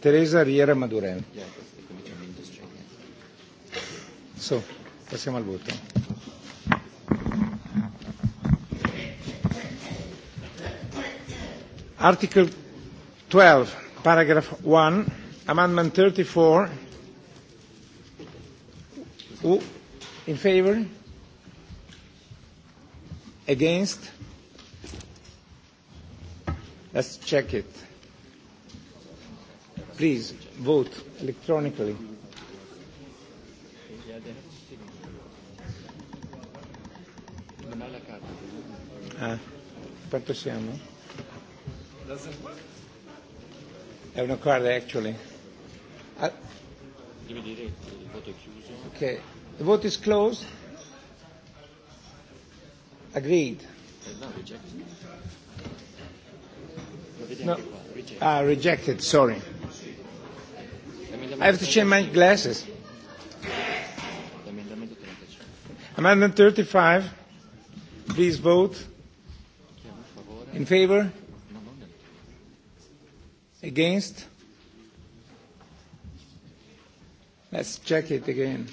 Teresa Riera Madurel. So, passiamo al voto. Article 12, paragraph 1, amendment 34. Who in favor? Against? Let's check it. Please vote electronically. Ah, quanto siamo? È una card actually. Ah. Okay. the vote is closed. Agreed. No. Ah, rejected, sorry. I have to change my glasses. Amendment 35. Please vote. In favor? Against? Let's check it again.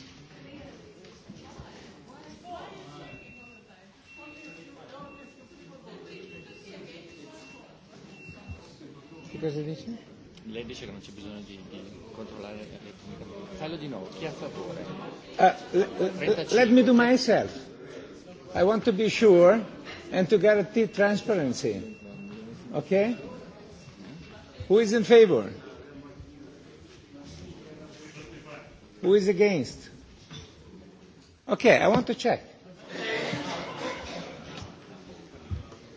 ¿Qué cosa dice? Lei dice che non c'è bisogno di, di controllare elettronicamente. Fallo di nuovo. Chi ha a favore? Uh, let me do myself. I want to be sure and to guarantee transparency. Okay? Who is in favor? Who is against? Okay, I want to check.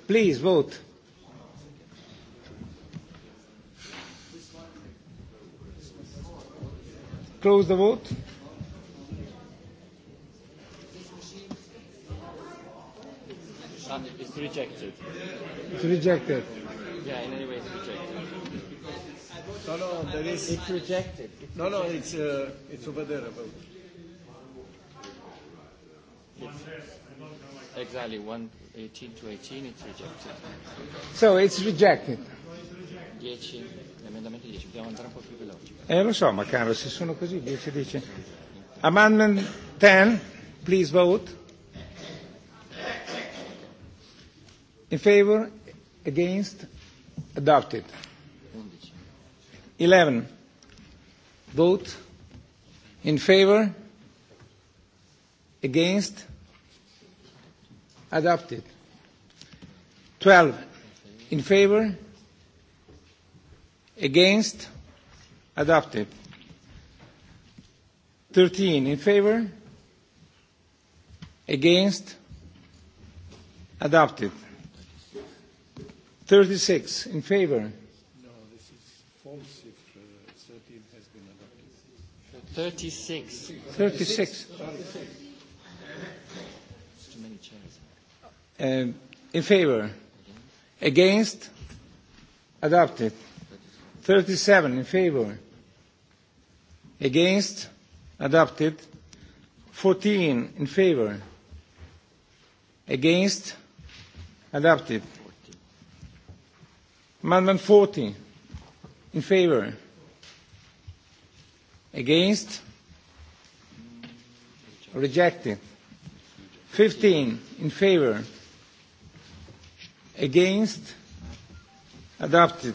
Please vote. Close the vote. And it's rejected. It's rejected. Yeah, in any way it's rejected. No, no, there is. It's rejected. It's no, no, it's uh, it's over there about. It's exactly 118 to 18. It's rejected. So it's rejected. The 18. L'emendamento 10, dobbiamo andare un po' più veloci. Eh lo so, ma caro, se sono così 10 dice. Amendment 10, please vote. In favor, against, adopted. 11. Vote in favor, against, adopted. 12. In favor, Against? Adopted. 13 in favor? Against? Adopted. 36 in favor? No, this is false if uh, 13 has been adopted. 36. 36. 36. 36. in favor? Against? Adopted. 37 in favor. Against? Adopted. 14 in favor. Against? Adopted. Amendment 40 in favor. Against? Rejected. 15 in favor. Against? Adopted.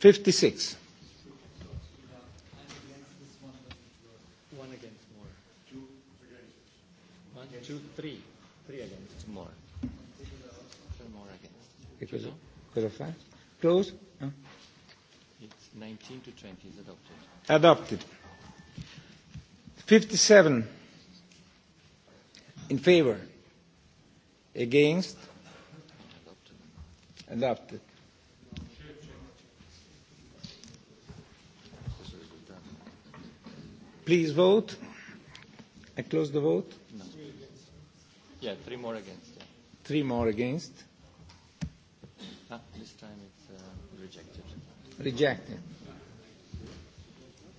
56. One against more. Two Close? Huh? It's 19 to 20 is adopted. Adopted. 57 in favor. Against? Adopted. Adopted. Please vote. I close the vote. No. Yeah, three more against. Yeah. Three more against. Ah, this time it's uh, rejected. Rejected.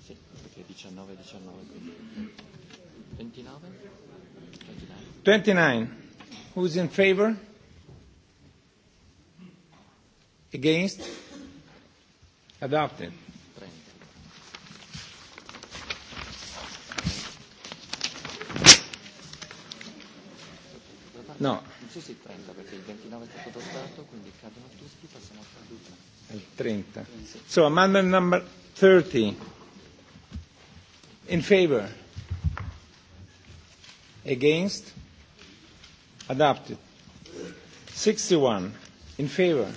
Sì, 19, 19. 29? 29. 29. Who's in favor? Against? Adopted. adesso si perché il 29 è stato adottato, quindi cadono tutti, passiamo al 30. Il 30. So amendment number 30. In favor. Against. Adopted. 61. In favor.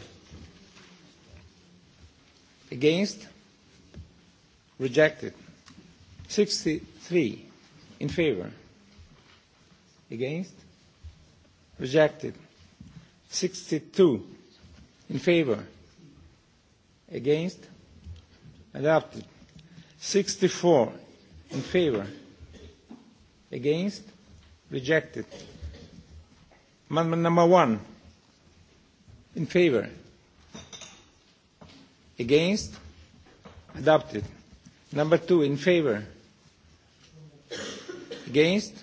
Against. Rejected. 63. In favor. Against rejected 62 in favor against adopted 64 in favor against rejected amendment number 1 in favor against adopted number 2 in favor against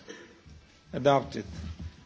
adopted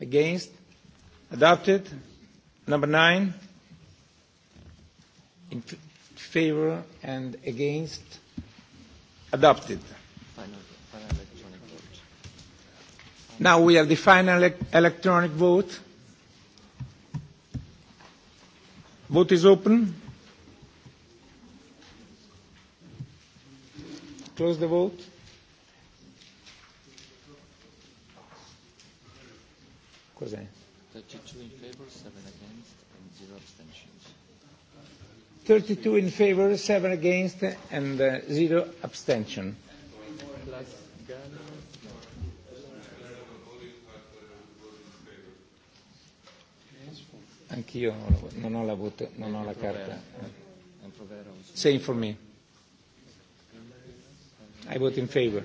Against? Adopted. Number nine. In favor and against? Adopted. Final, electronic vote. Now we have the final electronic vote. Vote is open. Close the vote. 32 in favor, 7 against and 0 abstentions. 32 in favor, 7 against and uh, 0 abstention. Anch'io non ho la, voto, non ho la carta. Say for me. I vote in favor.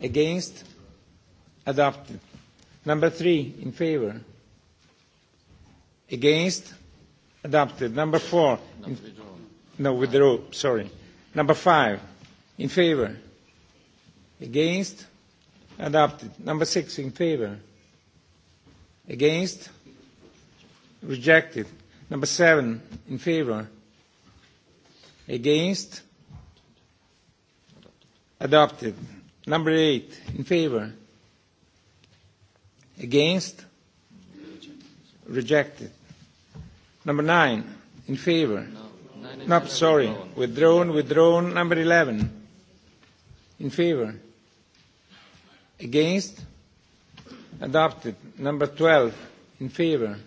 Against? Adopted. Number three, in favor. Against? Adopted. Number four. In, no, withdraw, sorry. Number five, in favor. Against? Adopted. Number six, in favor. Against? Rejected. Number seven, in favor. Against? Adopted. Number eight, in favor. Against? Rejected. Number nine, in favor. No, nope, sorry, withdrawn, withdrawn. Number 11, in favor. Against? Adopted. Number 12, in favor.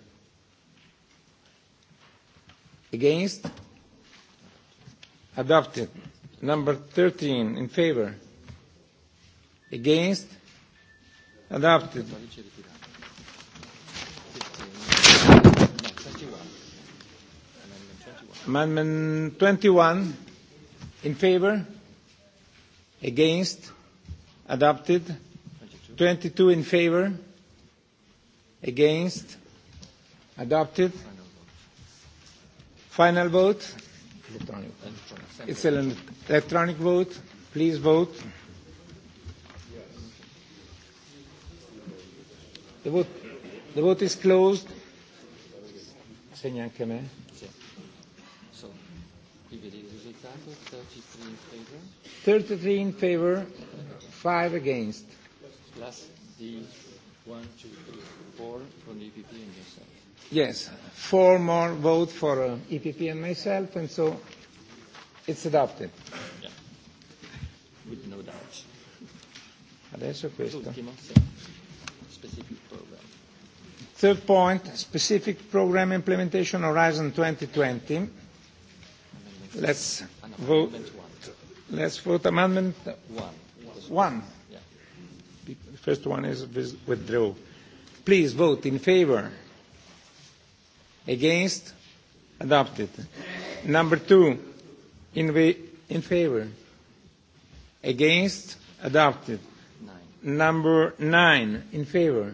Against? Adopted. Number 13, in favor. Against? Adopted. Amendment 21 in favor, against, adopted. 22. in favor, against, adopted. Final vote. Electronic. It's an electronic vote. Please vote. The vote, the vote is closed. Segna anche me. So, qui vedi il risultato, 33 in favor. 33 in favor, 5 against. Plus the 1, 2, 3, 4 from the EPP and yourself. Yes, four more votes for uh, EPP and myself, and so it's adopted. Yeah, with no doubt. Adesso questo. L'ultimo, sì. Specifico. Third point, specific program implementation Horizon 2020. Let's vote. Let's vote amendment one. One. The first one is withdraw. Please vote in favor. Against? Adopted. Number two, in, in favor. Against? Adopted. Number nine, in favor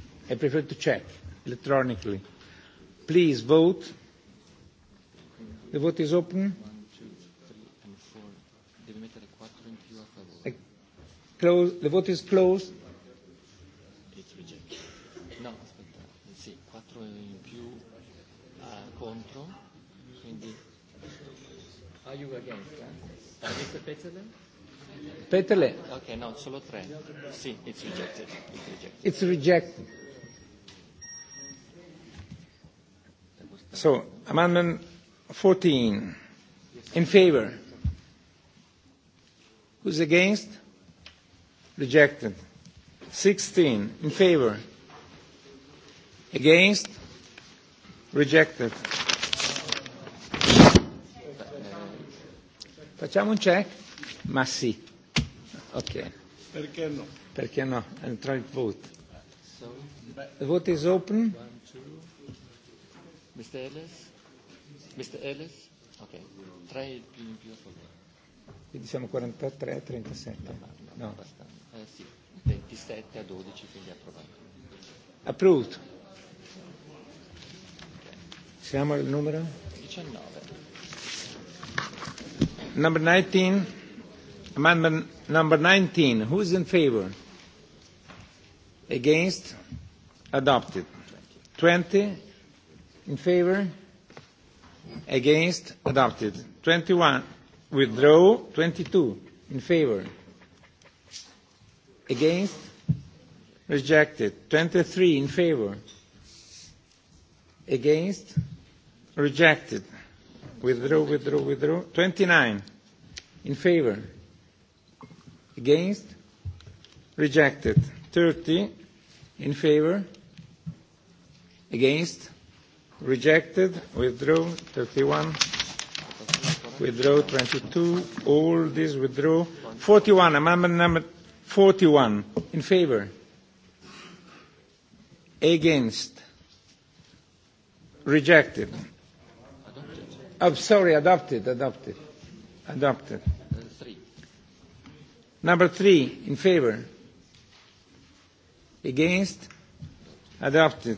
I prefer to check electronically. Please vote. The vote is open. a Close. The vote is closed. It's rejected. No, aspetta. Sì, quattro in più uh, contro. Quindi. Are you against? Eh? Are you Peterle? Peterle. Ok, no, solo tre. Sì, it's rejected. It's rejected. It's rejected. So, amendment 14. In favor? Who's against? Rejected. 16. In favor? Against? Rejected. Facciamo un check? Ma sì. Ok. Perché no? Perché no? And try vote. The vote is open. One, two, Mr. Ellis? Mr. Ellis? Ok, il più in più Quindi siamo 43 37. No, no, no. Eh, sì, 27 a 12, quindi approvato. Approved. Siamo al numero? 19. Number 19. Amendment number 19. Who is in favor? Against? Adopted. 20 in favor against adopted 21 withdraw 22 in favor against rejected 23 in favor against rejected withdraw withdraw withdraw 29 in favor against rejected 30 in favor against rejected, withdraw 31, withdraw 22, all these withdrew. 41, amendment number 41, in favor, against, rejected. I'm oh, sorry, adopted, adopted, adopted. Number three, in favor, against, adopted.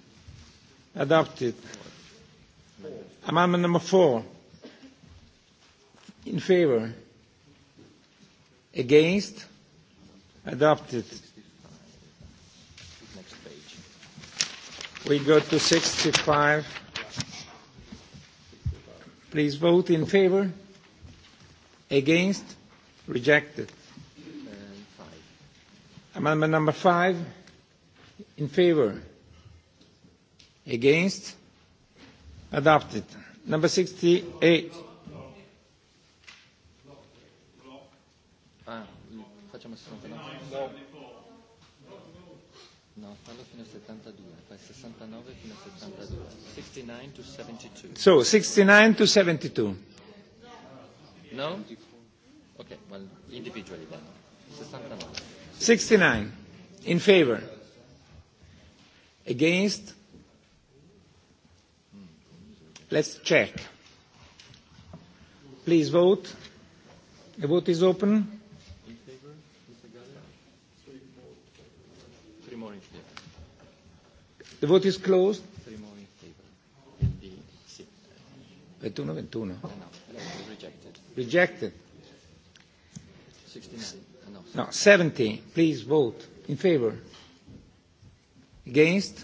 Adopted. Amendment number four. In favor. Against. Adopted. Next page. We go to 65. Please vote in favor. Against. Rejected. Amendment number five. In favor Against? Adopted. Number 68. 69. Ah, no, 72, 69 72. to So, 69 to 72. No? Okay, well, individually then. 69. In favor. Against? Let's check. Please vote. The vote is open. In The vote is closed. 21, 21. rejected. Rejected. 69. No, 70. Please vote in favor. Against?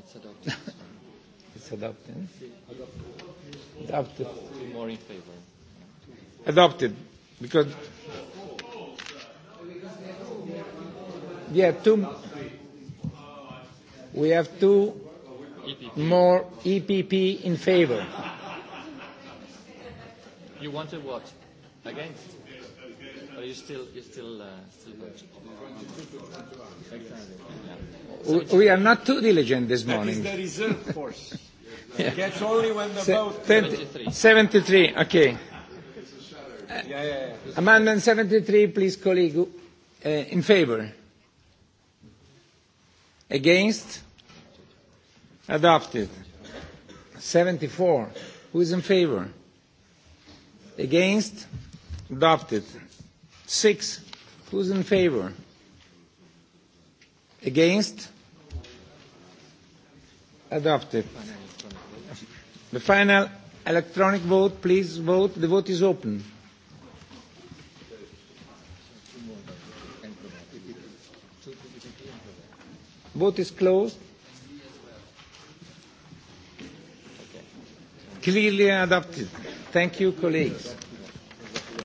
it's adopted. it's adopted. Adopted. Two more in favor. Adopted. Because. Yeah, two. We have two EPP. more EPP in favor. You wanted what? Against? Uh, we are not too diligent this morning. That is the reserve force. yeah. Catch only when the Se- boat... 73. 73, okay. Uh, yeah, yeah, yeah. Amendment 73, please, colleague. Uh, in favor? Against? Adopted. 74. Who is in favor? Against? Adopted. Six. Who's in favor? Against? Adopted. The final electronic vote, please vote. The vote is open. Vote is closed. Clearly adopted. Thank you, colleagues.